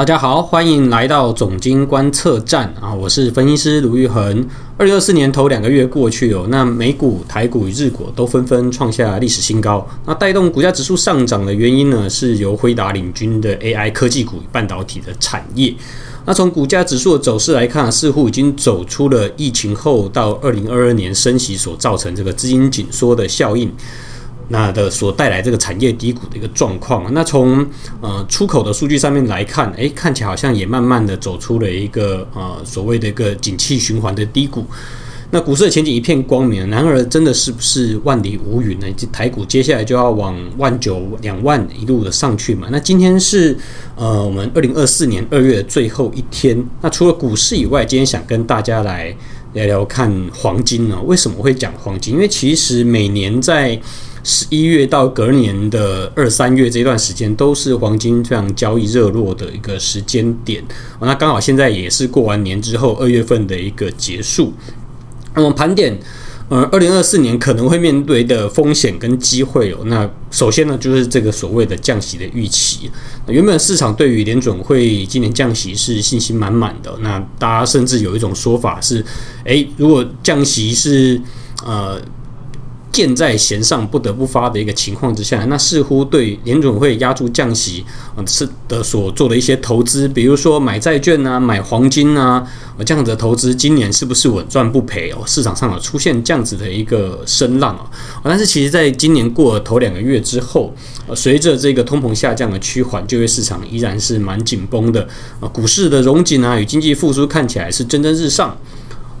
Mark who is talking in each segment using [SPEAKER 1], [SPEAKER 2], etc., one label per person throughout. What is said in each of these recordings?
[SPEAKER 1] 大家好，歡迎來到總經觀測站啊！我是分析師盧玉恆。二零二四年頭兩個月過去，那美股、台股與日股都紛紛創下歷史新高。那帶動股價指數上漲的原因呢，是由輝達領軍的 AI 科技股與半導體的產業。那從股價指數的走勢來看，似乎已經走出了疫情後到二零二二年升息所造成這個資金緊縮的效應。那的所帶來這個產業低谷的一個狀況，啊，那從呃出口的數據上面來看，誒，看起來好像也慢慢的走出了一個呃所謂的一個景氣循環的低谷。那股市的前景一片光明，然而真的是不是萬里無雲呢？以及台股接下來就要往萬九兩萬一路的上去嘛？那今天是呃我們二零二四年二月的最後一天。那除了股市以外，今天想跟大家來聊聊看黃金呢，哦？為什麼會講黃金？因為其實每年在十一月到隔年的二三月這段時間，都是黃金這樣交易熱絡的一個時間點。那剛好現在也是過完年之後二月份的一個結束。那麼盤點，呃，二零二四年可能會面對的風險跟機會哦。那首先呢，就是這個所謂的降息的預期。原本市場對於聯準會今年降息是信心滿滿的，那大家甚至有一種說法是：誒，如果降息是呃。箭在弦上，不得不發的一個情況之下，那似乎對聯準會押注降息是的所做的一些投資，比如說買債券啊、買黃金啊，這樣子的投資今年是不是穩賺不賠哦？市場上有出現這樣子的一個聲浪啊、哦，但是其實在今年過了頭兩個月之後，隨着這個通膨下降的趨緩，就業市場依然是蠻緊繃的啊，股市的榮景啊，與經濟復甦看起來是蒸蒸日上。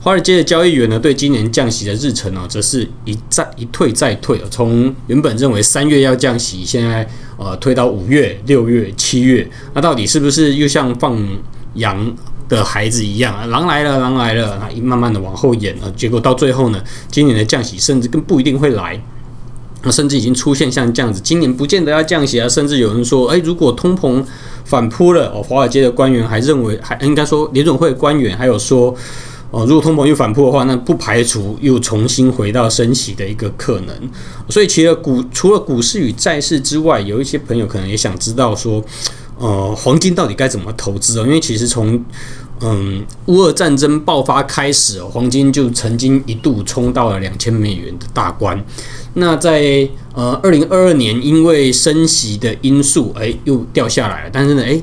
[SPEAKER 1] 華爾街的交易員呢，對今年降息的日程呢、啊，則是一再一退再退。從原本認為三月要降息，現在呃推到五月、六月、七月。那到底是不是又像放羊的孩子一樣，啊、狼來了，狼來了？他一慢慢的往後延了、啊，結果到最後呢，今年的降息甚至更不一定會來。那、啊、甚至已經出現像這樣子，今年不見得要降息啊。甚至有人說，誒，如果通膨反撲了，哦，華爾街的官員還認為，還應該說聯準會的官員還有說。哦，如果通膨又反撲的話，那不排除又重新回到升息的一個可能。所以，其實股除了股市與債市之外，有一些朋友可能也想知道說，呃，黃金到底該怎麼投資啊、哦？因為其實從嗯，烏俄戰爭爆發開始，黃金就曾經一度衝到了兩千美元的大關。那在呃，二零二二年，因為升息的因素，哎，又掉下來了。但是呢，哎。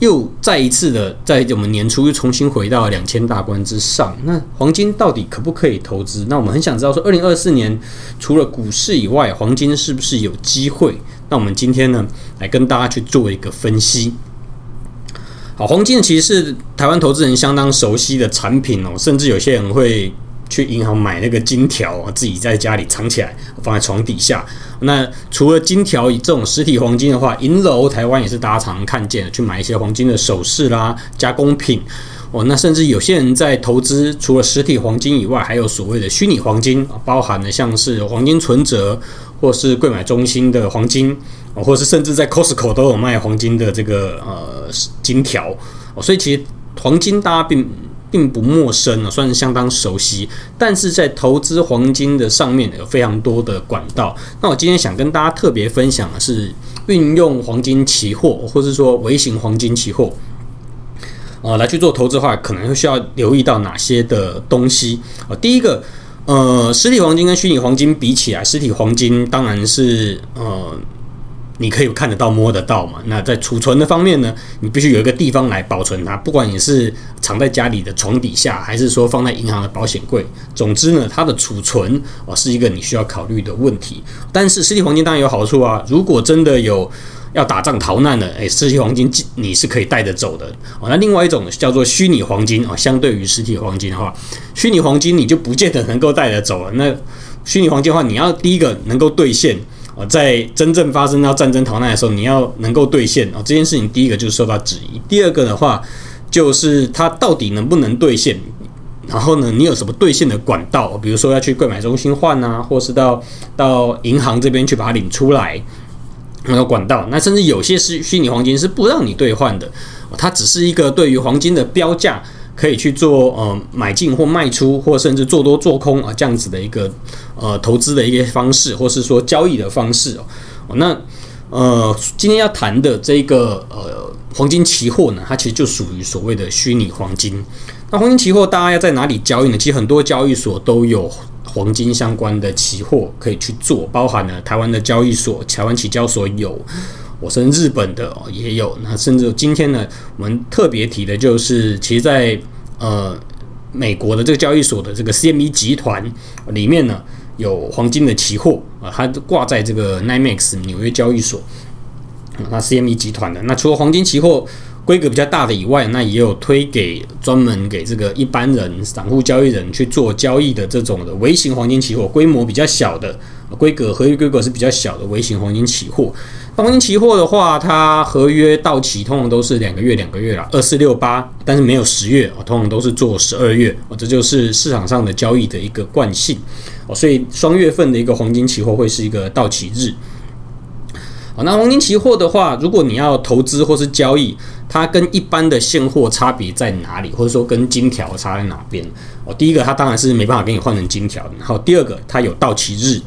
[SPEAKER 1] 又再一次的，在我們年初又重新回到了兩千大關之上。那黃金到底可不可以投資？那我們很想知道，說二零二四年除了股市以外，黃金是不是有機會？那我們今天呢，來跟大家去做一個分析。好，黃金其實是台灣投資人相當熟悉的產品哦，甚至有些人會。去銀行買那個金條，自己在家裡藏起來，放在床底下。那除了金條這種實體黃金的話，銀樓台灣也是大家常常看見，去買一些黃金的首飾啦、加工品。哦，那甚至有些人在投資，除了實體黃金以外，還有所謂的虛擬黃金，包含了像是黃金存摺，或是櫃買中心的黃金，或是甚至在 Costco 都有賣黃金的這個呃金條。哦，所以其實黃金大家並。並不陌生啊，算是相當熟悉。但是在投資黃金的上面有非常多的管道。那我今天想跟大家特別分享的是，運用黃金期貨，或者說微型黃金期貨，啊，呃，來去做投資的話，可能會需要留意到哪些的東西啊？第一個，呃，實體黃金跟虛擬黃金比起來，實體黃金當然是呃。你可以看得到、摸得到嘛。那在儲存的方面呢，你必須有一個地方來保存它，不管你是藏在家裡的床底下，還是說放在銀行的保險櫃。總之呢，它的儲存啊是一個你需要考慮的問題。但是實體黃金當然有好處啊，如果真的有要打仗逃難的，哎，實體黃金你是可以帶得走的。哦，那另外一種叫做虛擬黃金哦，相對於實體黃金的話，虛擬黃金你就不見得能夠帶得走了。那虛擬黃金的話，你要第一個能夠兌現。在真正發生到戰爭逃難的時候，你要能夠兌現，這件事情第一個就是受到質疑，第二個的話就是它到底能不能兌現，然後呢，你有什麼兌現的管道？比如說要去購買中心換啊，或是到到銀行這邊去把它領出來，那有管道。那甚至有些是虛擬黃金是不讓你兌換的，它只是一個對於黃金的標價。可以去做呃，買進或賣出，或甚至做多做空啊，這樣子的一個呃，投資的一個方式，或是說交易的方式哦。那呃，今天要談的這個呃，黃金期貨呢，它其實就屬於所謂的虛擬黃金。那黃金期貨大家要在哪裡交易呢？其實很多交易所都有黃金相關的期貨可以去做，包含了台灣的交易所，台灣期交所有。我甚至日本的也有，那甚至今天呢，我們特別提的就是，其實在，在呃美國的這個交易所的這個 CME 集團裡面呢，有黃金的期貨啊，它掛在這個 NYMEX 紐約交易所。那 CME 集團的那除了黃金期貨。規格比較大的以外，那也有推給專門給這個一般人散戶交易人去做交易的這種的微型黃金期貨，規模比較小的規格，合約規格是比較小的微型黃金期貨。黃金期貨的話，它合約到期通常都是兩個月，兩個月啦，二四六八，但是沒有十月啊，哦，通常都是做十二月，哦，這就是市場上的交易的一個慣性哦，所以雙月份的一個黃金期貨會是一個到期日。那黃金期貨的話，如果你要投資或是交易，它跟一般的現貨差別在哪裡？或者說跟金條差在哪邊？哦，第一個它當然是沒辦法給你換成金條。然後第二個它有到期日，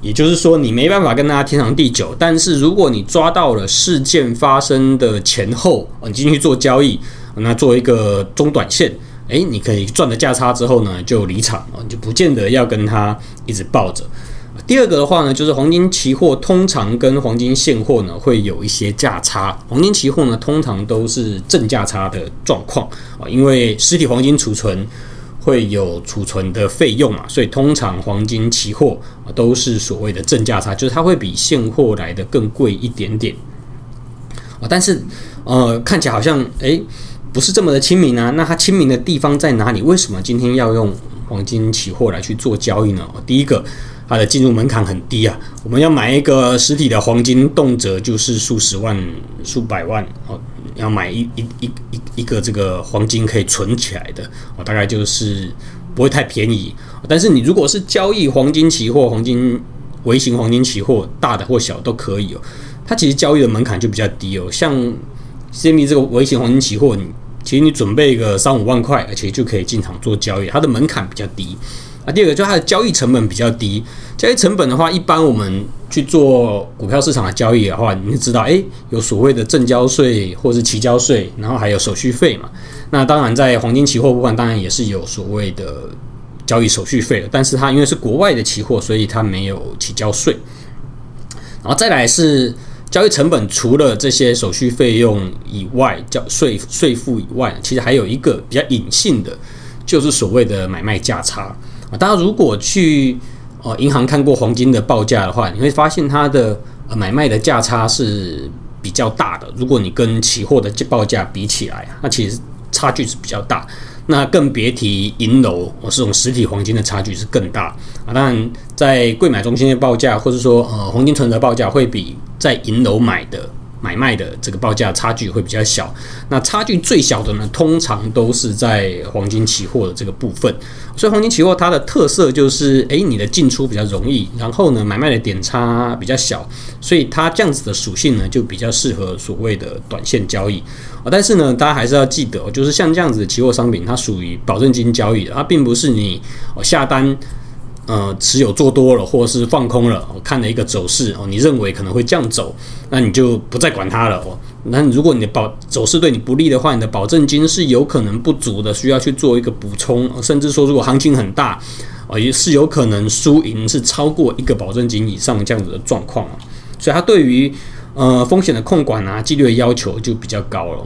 [SPEAKER 1] 也就是說你沒辦法跟大家天長地久。但是如果你抓到了事件發生的前後，你進去做交易，那做一個中短線，哎，你可以賺了價差之後呢就離場，你就不見得要跟他一直抱着。第二個的話呢，就是黃金期貨通常跟黃金現貨呢會有一些價差。黃金期貨呢通常都是正價差的狀況啊，因為實體黃金儲存會有儲存的費用嘛，所以通常黃金期貨都是所謂的正價差，就是它會比現貨來的更貴一點點。啊，但是呃，看起來好像哎不是這麼的親民啊，那它親民的地方在哪裡？為什麼今天要用黃金期貨來去做交易呢？第一個，它的進入門檻很低啊，我們要買一個實體的黃金，動輒就是數十萬、數百萬哦。要買一、一、一、一一,一個這個黃金可以存起來的哦，大概就是不會太便宜。但是你如果是交易黃金期貨、黃金微型黃金期貨，大的或小都可以哦。它其實交易的門檻就比較低哦。像 CME 這個微型黃金期貨，你其實你準備一個三五萬塊，而且就可以進場做交易，它的門檻比較低。啊，第二個就它的交易成本比較低。交易成本的話，一般我們去做股票市場的交易的話，你就知道，誒、欸，有所謂的證交稅或者期交稅，然後還有手續費嘛。那當然，在黃金期貨部分，當然也是有所謂的交易手續費的，但是它因為是國外的期貨，所以它沒有期交稅。然後再來是交易成本，除了這些手續費用以外，交稅稅負以外，其實還有一個比較隱性的，就是所謂的買賣價差。啊，大家如果去呃銀行看過黃金的報價的話，你會發現它的、呃、買賣的價差是比較大的。如果你跟期貨的報價比起來，那其實差距是比較大。那更別提銀樓或是、哦、這種實體黃金的差距是更大啊。當然，在櫃買中心的報價或者說呃黃金存摺報價會比在銀樓買的。買賣的這個報價差距會比較小，那差距最小的呢，通常都是在黃金期貨的這個部分。所以黃金期貨它的特色就是，誒，你的進出比較容易，然後呢，買賣的點差比較小，所以它這樣子的屬性呢，就比較適合所謂的短線交易。啊，但是呢，大家還是要記得，就是像這樣子的期貨商品，它屬於保證金交易，它並不是你下單。呃，持有做多了，或者是放空了，看了一個走勢哦，你認為可能會這樣走，那你就不再管它了哦。那如果你的保走勢對你不利的話，你的保證金是有可能不足的，需要去做一個補充，甚至說如果行情很大，啊，也是有可能輸贏是超過一個保證金以上這樣子的狀況。所以它對於呃風險的控管啊，紀律的要求就比較高了。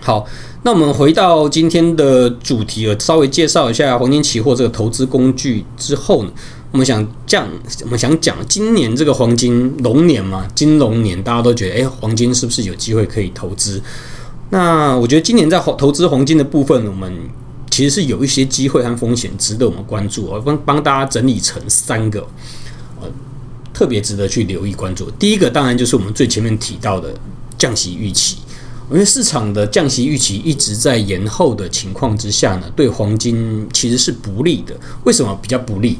[SPEAKER 1] 好。那我們回到今天的主題了，稍微介紹一下黃金期貨這個投資工具之後呢，我們想講，我們想講今年這個黃金龍年嘛，金龍年，大家都覺得哎，黃金是不是有機會可以投資？那我覺得今年在黃投資黃金的部分，我們其實是有一些機會和風險值得我們關注，我幫幫大家整理成三個，呃，特別值得去留意關注。第一個當然就是我們最前面提到的降息預期。因為市場的降息預期一直在延後的情況之下呢，對黃金其實是不利的。為什麼比較不利？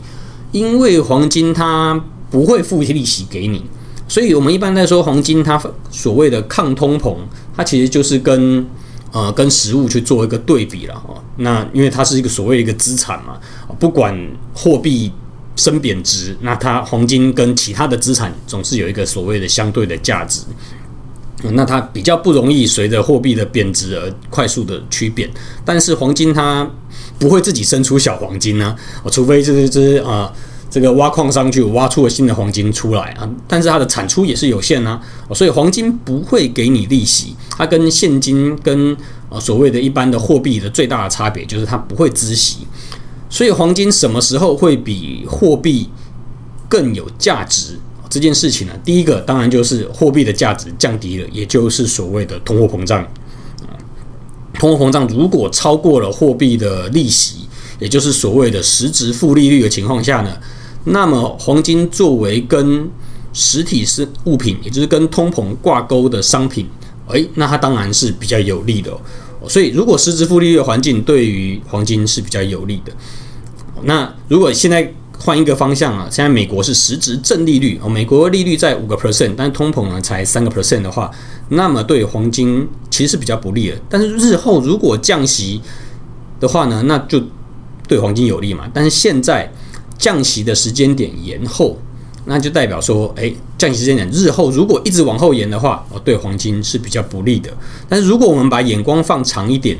[SPEAKER 1] 因為黃金它不會付利息給你，所以我們一般在說黃金它所謂的抗通膨，它其實就是跟呃跟實物去做一個對比了哈。那因為它是一個所謂的一個資產嘛，不管貨幣升貶值，那它黃金跟其他的資產總是有一個所謂的相對的價值。那它比較不容易隨着貨幣的貶值而快速的趨貶，但是黃金它不會自己生出小黃金呢、啊，除非就是啊這個挖礦商就挖出了新的黃金出來啊，但是它的產出也是有限啊，所以黃金不會給你利息，它跟現金跟啊所謂的一般的貨幣的最大的差別就是它不會孳息，所以黃金什麼時候會比貨幣更有價值？這件事情呢，第一個當然就是貨幣的價值降低了，也就是所謂的通貨膨脹。通貨膨脹如果超過了貨幣的利息，也就是所謂的實質負利率的情況下呢，那麼黃金作為跟實體是物品，也就是跟通膨掛鈎的商品，誒，那它當然是比較有利的。所以，如果實質負利率的環境對於黃金是比較有利的，那如果現在。換一個方向啊！現在美國是實質正利率，哦，美國利率在五個 percent，但是通膨呢才三個 percent 的話，那麼對黃金其實是比較不利的。但是日後如果降息的話呢，那就對黃金有利嘛。但是現在降息的時間點延後，那就代表說，哎，降息時間點日後如果一直往後延的話，哦，對黃金是比較不利的。但是如果我們把眼光放長一點，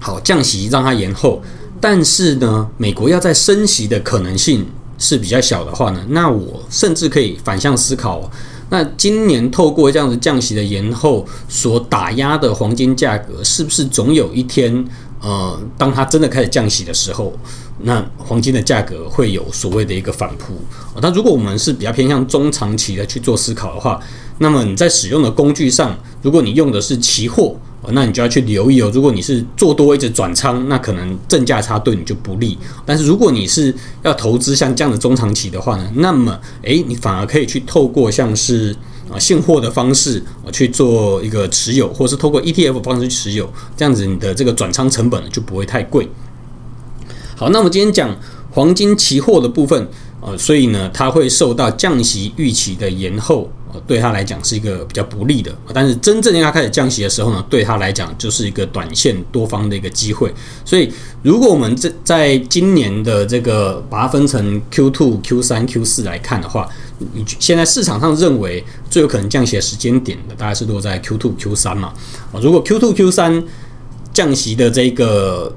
[SPEAKER 1] 好，降息讓它延後。但是呢，美國要再升息的可能性是比較小的話呢，那我甚至可以反向思考，那今年透過這樣子降息的延後所打壓的黃金價格，是不是總有一天，呃，當它真的開始降息的時候，那黃金的價格會有所謂的一個反撲？那如果我們是比較偏向中長期的去做思考的話，那麼你在使用的工具上，如果你用的是期貨。那你就要去留意哦。如果你是做多一直轉倉，那可能正價差對你就不利。但是如果你是要投資像這樣的中長期的話呢，那麼哎，你反而可以去透過像是啊現貨的方式去做一個持有，或是透過 ETF 的方式去持有，這樣子你的這個轉倉成本就不會太貴。好，那我們今天講黃金期貨的部分，呃，所以呢，它會受到降息預期的延後，對他來講是一個比較不利的，但是真正要開始降息的時候呢，對他來講就是一個短線多方的一個機會。所以，如果我們這在今年的這個把它分成 Q2、Q3、Q4 來看的話，你現在市場上認為最有可能降息的時間點大概是落在 Q2、Q3 嘛。啊，如果 Q2、Q3 降息的這個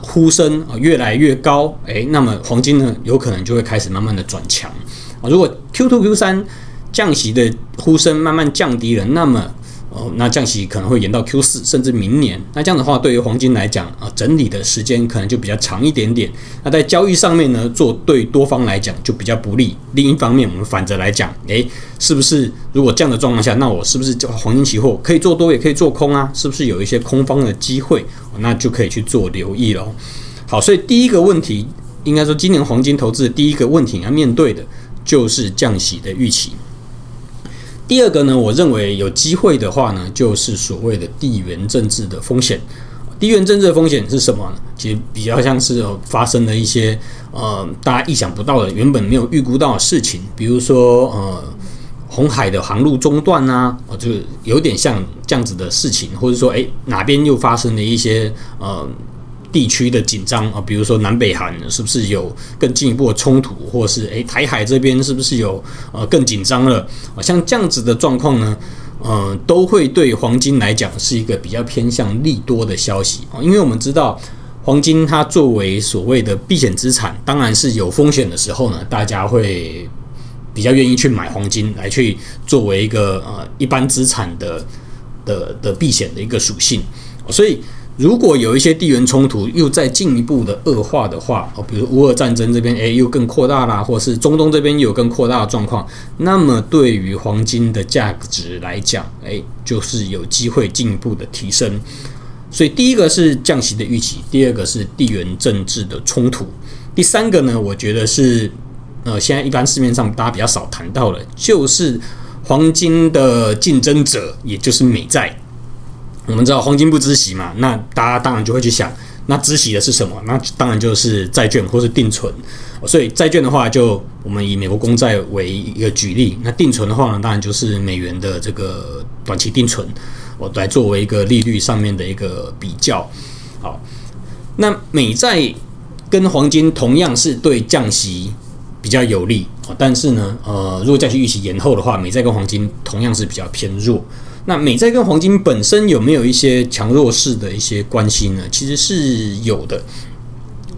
[SPEAKER 1] 呼聲啊越來越高，誒，那麼黃金呢，有可能就會開始慢慢的轉強啊。如果 Q2、Q3 降息的呼聲慢慢降低了，那麼哦，那降息可能會延到 Q4 甚至明年。那這樣的話，對於黃金來講，啊，整理的時間可能就比較長一點點。那在交易上面呢，做對多方來講就比較不利。另一方面，我們反着來講，誒，是不是如果這樣的狀況下，那我是不是就黃金期貨可以做多也可以做空啊？是不是有一些空方的機會？那就可以去做留意了。好，所以第一個問題，應該說今年黃金投資的第一個問題要面對的就是降息的預期。第二個呢，我認為有機會的話呢，就是所謂的地緣政治的風險。地緣政治的風險是什麼呢？其實比較像是發生了一些呃大家意想不到的、原本沒有預估到的事情，比如說呃紅海的航路中斷啊，就有點像這樣子的事情，或者說哎哪邊又發生了一些呃。地區的緊張啊，比如說南北韓是不是有更進一步的衝突，或是誒、欸，台海這邊是不是有呃更緊張了？像這樣子的狀況呢，嗯、呃，都會對黃金來講是一個比較偏向利多的消息啊，因為我們知道黃金它作為所謂的避險資產，當然是有風險的時候呢，大家會比較願意去買黃金來去作為一個呃一般資產的的的避險的一個屬性，所以。如果有一些地緣衝突又在進一步的惡化的話，哦，比如烏俄戰爭這邊，誒，又更擴大啦，或是中東這邊又更擴大的狀況，那麼對於黃金的價值來講，誒、哎，就是有機會進一步的提升。所以第一個是降息的預期，第二個是地緣政治的衝突，第三個呢，我覺得是，呃，現在一般市面上大家比較少談到的，就是黃金的競爭者，也就是美債。我們知道黃金不孳息嘛，那大家當然就會去想，那孳息的是什麼？那當然就是債券或是定存。所以債券的話，就我們以美國公債為一個舉例。那定存的話呢，當然就是美元的這個短期定存，我來作為一個利率上面的一個比較。好，那美債跟黃金同樣是對降息比較有利。但是呢，呃，如果降息預期延後的話，美債跟黃金同樣是比較偏弱。那美債跟黃金本身有沒有一些強弱勢的一些關係呢？其實是有的。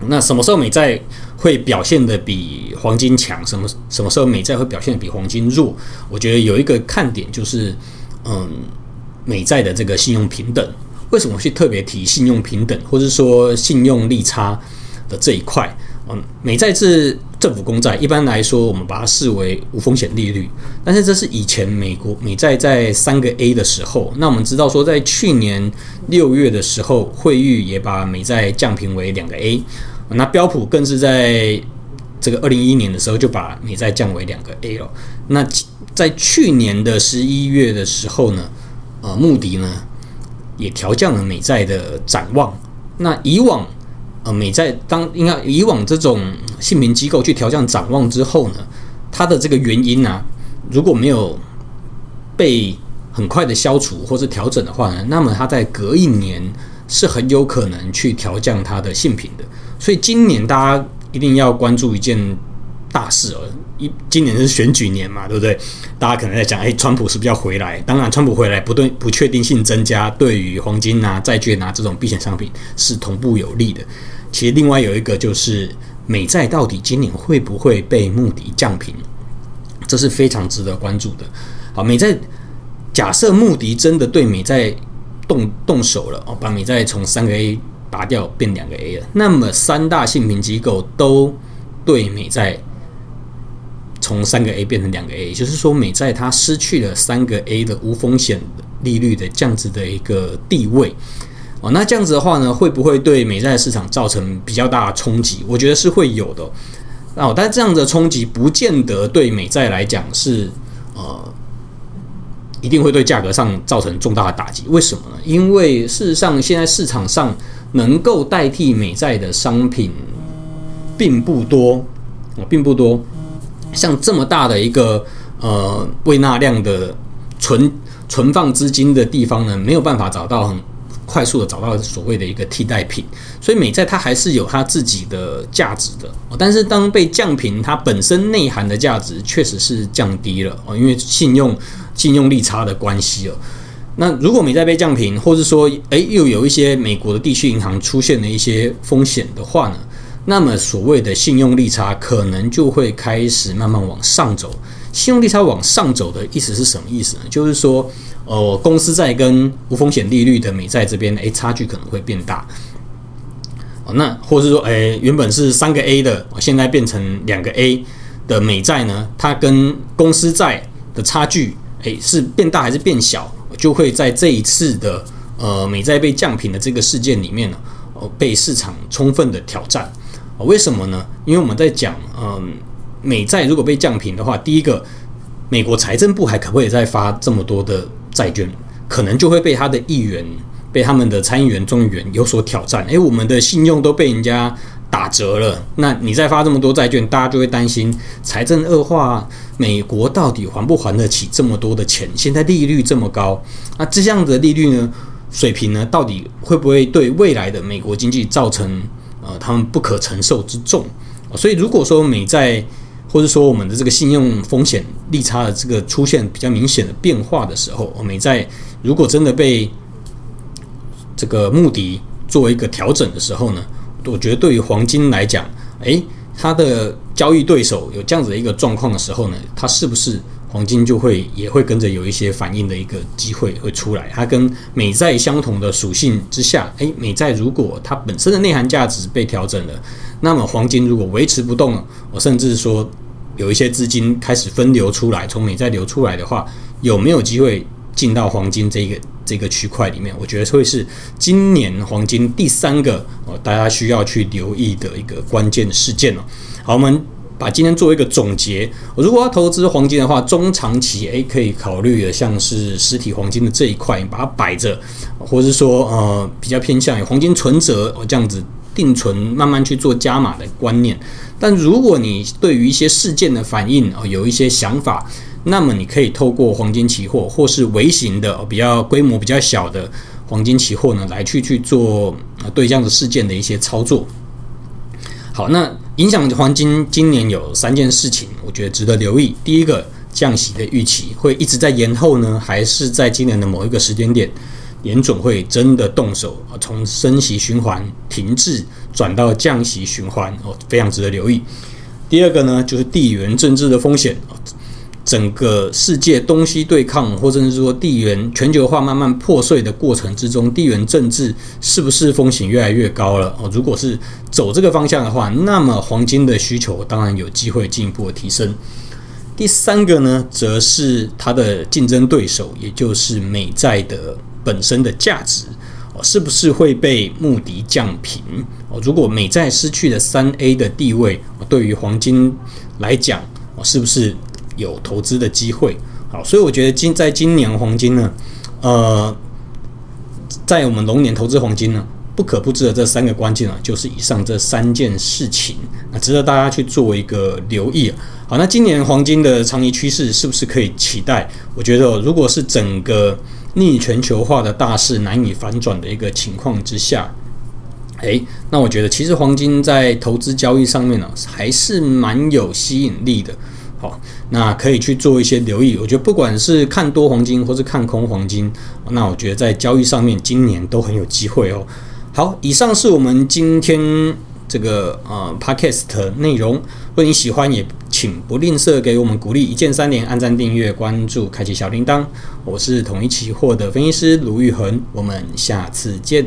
[SPEAKER 1] 那什麼時候美債會表現得比黃金強？什麼什麼時候美債會表現得比黃金弱？我覺得有一個看點就是，嗯，美債的這個信用評等。為什麼我去特別提信用評等，或者說信用利差的這一塊？嗯，美債是政府公債，一般來說我們把它視為無風險利率。但是這是以前美國美債在三個 A 的時候，那我們知道說在去年六月的時候，惠譽也把美債降評為兩個 A，那標普更是在這個二零一一年的時候就把美債降為兩個 A 了。那在去年的十一月的時候呢，呃，穆迪呢也調降了美債的展望。那以往。呃、嗯，每在當應該以往這種信評機構去調降展望之後呢，它的這個原因呢、啊，如果沒有被很快的消除或者調整的話呢，那麼它在隔一年是很有可能去調降它的信評的。所以今年大家一定要關注一件。大事哦，一今年是選舉年嘛，對不對？大家可能在講，哎，川普是不是要回來？當然，川普回來不對不確定性增加，對於黃金啊、債券啊這種避險商品是同步有利的。其實，另外有一個就是美債到底今年會不會被穆迪降評？這是非常值得關注的。好，美債假設穆迪真的對美債動動手了，哦，把美債從三個 A 拔掉變兩個 A 了，那麼三大信評機構都對美債。從三個 A 變成兩個 A，也就是說，美債它失去了三個 A 的無風險利率的這樣子的一個地位。哦，那這樣子的話呢，會不會對美債市場造成比較大的衝擊？我覺得是會有的。哦，但這樣子的衝擊不見得對美債來講是呃一定會對價格上造成重大的打擊。為什麼呢？因為事實上，現在市場上能夠代替美債的商品並不多，哦，並不多。像這麼大的一個呃胃納量的存存放資金的地方呢，沒有辦法找到很快速的找到所謂的一個替代品，所以美債它還是有它自己的價值的。但是當被降評，它本身內涵的價值確實是降低了哦，因為信用信用利差的關係哦。那如果美債被降評，或是說誒又有一些美國的地區銀行出現了一些風險的話呢？那麼，所謂的信用利差可能就會開始慢慢往上走。信用利差往上走的意思是什麼意思呢？就是說，哦、呃，公司債跟無風險利率的美債這邊，誒，差距可能會變大。哦、那或者是說，誒，原本是三個 A 的，現在變成兩個 A 的美債呢，它跟公司債的差距，誒，是變大還是變小，就會在這一次的呃美債被降評的這個事件裡面呢、哦，被市場充分的挑戰。為什麼呢？因為我們在講，嗯，美債如果被降評的話，第一個，美國財政部還可不可以再發這麼多的債券？可能就會被他的議員、被他們的參議員、眾議員有所挑戰。哎、欸，我們的信用都被人家打折了，那你再發這麼多債券，大家就會擔心財政惡化，美國到底還不還得起這麼多的錢？現在利率這麼高，那這樣的利率呢，水平呢，到底會不會對未來的美國經濟造成？呃，他們不可承受之重，哦，所以如果說美債或者說我們的這個信用風險利差的這個出現比較明顯的變化的時候，美債如果真的被這個穆迪做一個調整的時候呢，我覺得對於黃金來講，哎，它的交易對手有這樣子的一個狀況的時候呢，它是不是？黃金就會也會跟着有一些反應的一個機會會出來，它跟美債相同的屬性之下，誒、欸，美債如果它本身的內涵價值被調整了，那麼黃金如果維持不動，我甚至說有一些資金開始分流出來，從美債流出來的話，有沒有機會進到黃金這個這個區塊裡面？我覺得會是今年黃金第三個呃，大家需要去留意的一個關鍵事件了。好，我們。把今天做一個總結。如果要投資黃金的話，中長期誒可以考慮的像是實體黃金的這一塊，你把它擺着，或者是說呃比較偏向於黃金存摺哦這樣子定存，慢慢去做加碼的觀念。但如果你對於一些事件的反應哦、呃、有一些想法，那麼你可以透過黃金期貨或是微型的比較規模比較小的黃金期貨呢來去去做、呃、對這樣的事件的一些操作。好，那。影響黃金今年有三件事情，我覺得值得留意。第一個，降息的預期會一直在延後呢，還是在今年的某一個時間點，聯準會真的動手，從升息循環停滯轉到降息循環？哦，非常值得留意。第二個呢，就是地緣政治的風險。整個世界東西對抗，或者是說地緣全球化慢慢破碎的過程之中，地緣政治是不是風險越來越高了？哦，如果是走這個方向的話，那麼黃金的需求當然有機會進一步的提升。第三個呢，則是它的競爭對手，也就是美債的本身的價值哦，是不是會被穆迪降評？哦，如果美債失去了三 A 的地位，哦，對於黃金來講，哦，是不是？有投資的機會，好，所以我覺得今在今年黃金呢，呃，在我們龍年投資黃金呢，不可不知的這三個關鍵啊，就是以上這三件事情啊，那值得大家去做一個留意啊。好，那今年黃金的長期趨勢是不是可以期待？我覺得，如果是整個逆全球化的大勢難以反轉的一個情況之下，誒，那我覺得其實黃金在投資交易上面呢，啊，還是蠻有吸引力的，好。那可以去做一些留意，我覺得不管是看多黃金或是看空黃金，那我覺得在交易上面今年都很有機會哦。好，以上是我們今天這個呃 podcast 內容。如果你喜歡，也請不吝嗇給我們鼓勵，一鍵三連、按讚、訂閱、關注、開啟小鈴鐺。我是統一期貨的分析師盧玉恆，我們下次見。